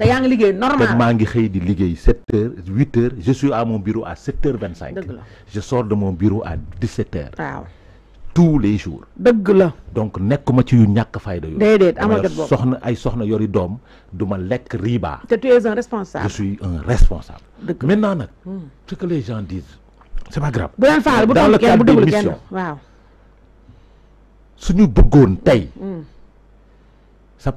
te yaa ngi liggéey normal maa ngi di liggéey 7 heures 8 heures je suis à mon bureau à 7 h 25. je sors de mon bureau à 17 h waaw tous les jours. dëgg la donc nekkuma ci yu ñàkk fayda yooyu. déedéet amoo jot boobu soxna ay soxna yori doom du ma lekk riba. tu es un responsable. je suis un responsable. maintenant nag. Hmm. ce que les gens disent c'est pas grave. bu leen faal bu toll kenn bu déglu kenn waaw. suñu bëggoon tey. Hmm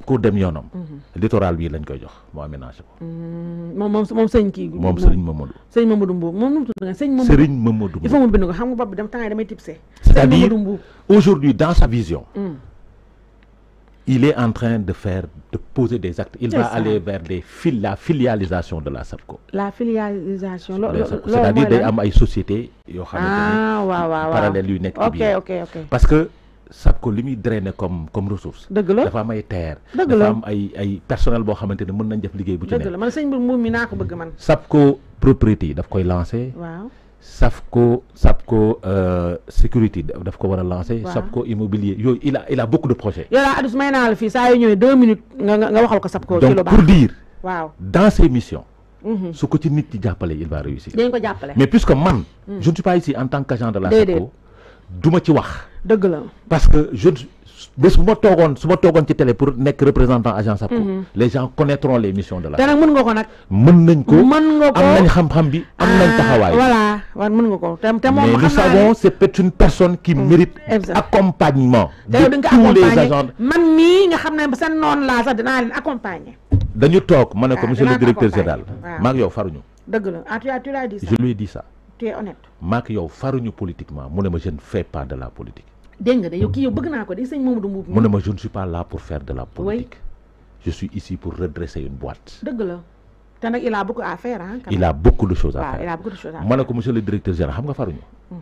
ko dem yonom mhm. littoral bi lañ koy jox mu aménagé ko. Mhm. moom moom moom sëñ kii. moom Mamadou. sëriñ Mamadou Mbow moom nu mu tudd Mamadou sëriñ Mamadou il faut mu bind ko xam nga bopp bi dama temps damay tipsé. c'est-à-dire aujourd'hui dans sa vision. Mm. il est en train de faire de poser des actes. il va aller vers des fil la filialisation de la SAPCO. la filialisation c'est-à-dire day am ay sociétés. yoo xamante ne parallèle wa, nekk. ok ok ok parce que. sakko limi drainé comme comme ressource. deug la dafa am ay terre. la dafa am ay ay personnel bo xamanteni mën nañ def liguey bu ci nek deug la man sëñ bi muum mi naa ko bëgg man. sakko propriété daf koy lancer waaw SATCO euh security daf ko wara lancer lancé. immobilier yoy il a il a beaucoup de projets. yo la Adus mayna la fi saa yu ñëwee deux minutes nga nga waxal ko SATCO. ci lu baax pour dire. waaw dans ses missions. Mhm. su ko ci nit ci jappalé il va réussir. dañ ko jappalé mais puisque man. Mhm. je ne suis pas ici en tant qu'agent de la SATCO. duma ci wax. parce que je ne suis pas télé pour représentant agence mhm. les gens connaîtront les missions de la. te tu nga voilà mais nous savons peut-être une personne qui mhm. mérite. accompagnement. de tous les agents ah, le directeur ah, je lui ai dit ça. tu es honnête. politiquement je ne fais pas de la politique je ne suis pas là pour faire de la politique je suis ici pour redresser une boîte il a beaucoup à hein, faire il a beaucoup de choses à faire il a beaucoup monsieur le directeur général je mhm.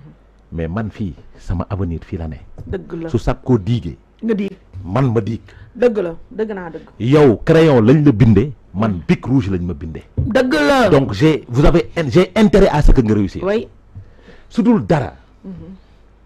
mais man sama avenir dëgg la su man crayon lañ la Je man rouge donc j'ai vous avez intérêt à ce que je réussisse. oui le dara mhm.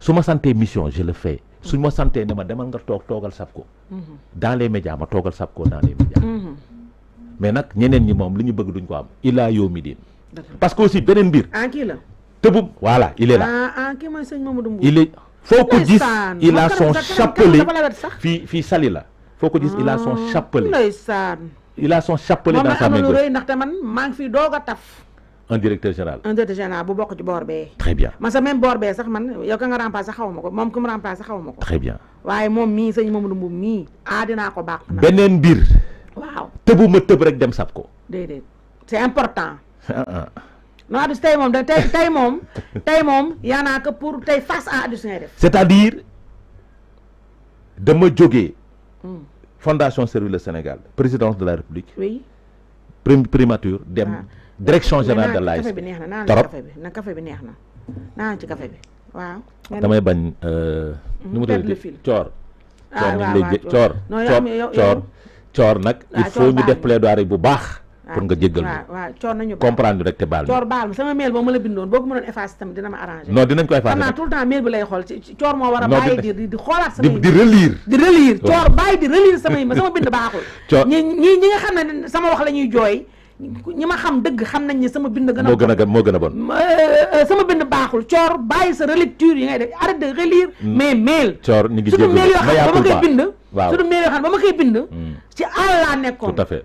su ma santee mission je le fais su ma santee ne ma demal nga toog toogal sapko. Mhm. dans les médias ma toogal sapko dans les médias mhm. mais nak ñeneen ñi mom liñu bëgg duñ ko am il a mi diin parce que aussi benen bir en kii la tëbub voilà il est là ah, ah kii mooy seigne Mamadou mbou il est foo ko gis il a son chapelet fi fi sali la foo ko gis il a son ah, chapelet ndeysaan il a son chapelet dans sa main gauche te man maa ngi fi doog taf un directeur général. un directeur général bu bokku ci boor très bien man sa même boor bee sax man yow ka nga remplacer xawmako mom ko moom ku mu remplacé xaw très bien waye mom mi sëñ Mamadou mbou mi ah dinaa ko bak benen bir waaw tëbu ma tëb rek dem sab ko. déedéet C'est important. Ah, ah, ah. non Addis tey mom tay tay mom tay mom yana yaa ko pour tay face à Addis ngay def. c' à dire dama jógee. Hmm. fondation service le Sénégal présidence de la République. oui. primature dem ah. direction générale de l'ASP trop na café bi neex na naan ci café bi waaw ah, damay bañ euh, mm-hmm. nu mu tuddati ah, coor coor coor coor coor nag il faut ñu def plaidoirie bu baax pour nga jéggal ñu comprendre rek te baal coor baal ma sama mail ba ma la bindoon boo ko mënoon effacer tamit dina ma arrangé non dinañ ko effacer xam naa tout le temps mail bi lay xool ci coor moo war a bàyyi di di xoolaat samay di relire di relire oh. coor bàyyi di relire samay ma sama bind baaxul coor ñi ñi ñi nga xam ne sama wax la ñuy jooy ñi ma xam dëgg xam nañ ne sama bind gën a moo gën a moo gën a bon euh, euh, sama bind baaxul coor bàyyi sa relecture yi ngay def arrête de relire mais hmm. mail coor ñu ngi suñu mail yoo xam ne ba ma koy bind suñu mail yoo xam ne ba ma koy bind ci àll laa nekkoon tout à fait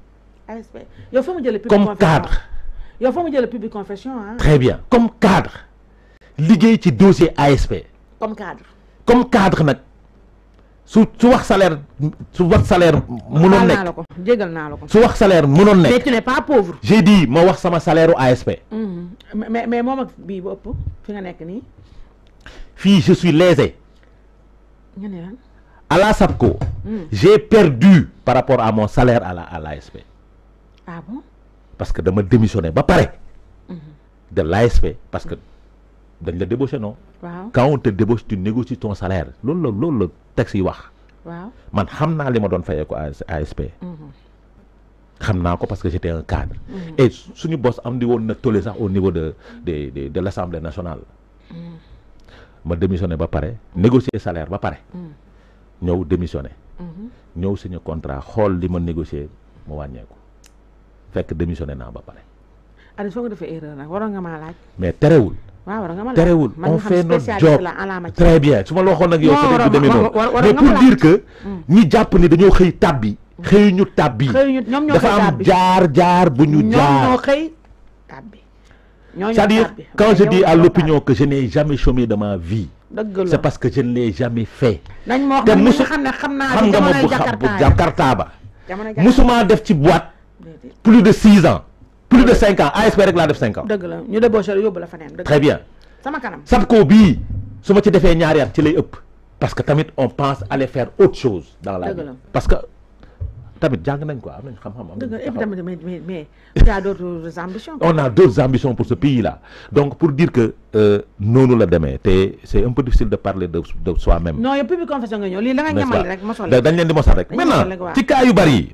ASP yow fa mu jëlee. comme cadre yow fa mu le public confession Hein? très bien comme cadre liggéey ci dossier ASP. comme cadre comme cadre mec. su su wax salaire su wax salaire. mënoon jégal naa su wax salaire mënoon mais tu n'es pas pauvre. j'ai dit ma wax sama salaire ASP. Mm-hmm. mais mais moi ak bii ba ëpp fi nga je suis lésé. à la SAPCO, mm. j'ai perdu par rapport à mon salaire à l'ASP. La, à ah bon parce que dama démissionné ba pare. Mhm. de l'ASP parce que dañ la débauché non. waaw quand on te débauche tu négocies ton salaire loolu la loolu la texte yi wax. man xam naa li ma doon fayee ko ASP. Mhm. xam naa ko parce que j'étais un cadre. Mhm. et suñu boss am di woon na tollé sax au niveau de de de de l'Assemblée nationale. ma démissionné ba pare négocier salaire ba pare. ñëw démissionné. ñëw signé contrat xool li ma négocier mu wàññeeku. fekk démissionné naa ba pare. Aliou soo ko defee erreur nag waroon nga maa laaj. mais terewul. waaw waroon nga ma laaj terewul on fait notre job très bien su ma la waxoon nag yow. peut-être du demee noonu mais pour dire que. Mm. ñi jàpp ni dañoo xëy tàbbi. Mm. xëyuñu ñu xëyuñu ñoom ñoo xëy tàbbi dafa am jaar jaar bu ñu jaar ñoom ñoo xëy tàbbi. C'est-à-dire, quand je dis à l'opinion que je n'ai jamais chômé de ma vie, c'est parce que je ne l'ai jamais fait. Je ne sais pas si je suis Jakarta. Je ne sais pas si je suis boîte plus de 6 ans plus de 5 ans ASP rek la def 5 ans. dëgg la ñu débauché yóbbu la feneen. très bien sama kanam. SAPCO bii su ma ci defee ñaar at ci lay ëpp parce que tamit on pense aller faire autre chose. dans la vie parce que tamit jang nañ quoi am nañ xam-xam. am nañ xam mais mais mais y a d'autres ambitions. on a d'autres ambitions pour ce pays là donc pour dire que euh, noonu la démé té c'est un peu difficile de parler de de soi-même. non il y yow public confession nga ñëw lii da nga ñamal rek ma mosal. dañ leen di mosal rek. maintenant ci cas yu bari yi.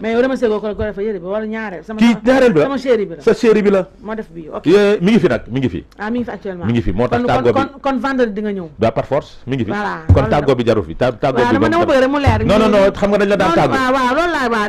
mais yow dama séegoo ko ko defa yëre bi kii ñaareel bi la sa chéri bi la moo def bi ok mi ngi fi nag mi ngi fi ah, mi ngi fi moo tax tàggoo bi kon ñëw waaw par force mi ngi fi kon tàggoo bi jaru fi tàggoo bi dama bëgg rek mu leer non non non xam nga dañ la daan tàggoo waaw waaw loolu laa waaw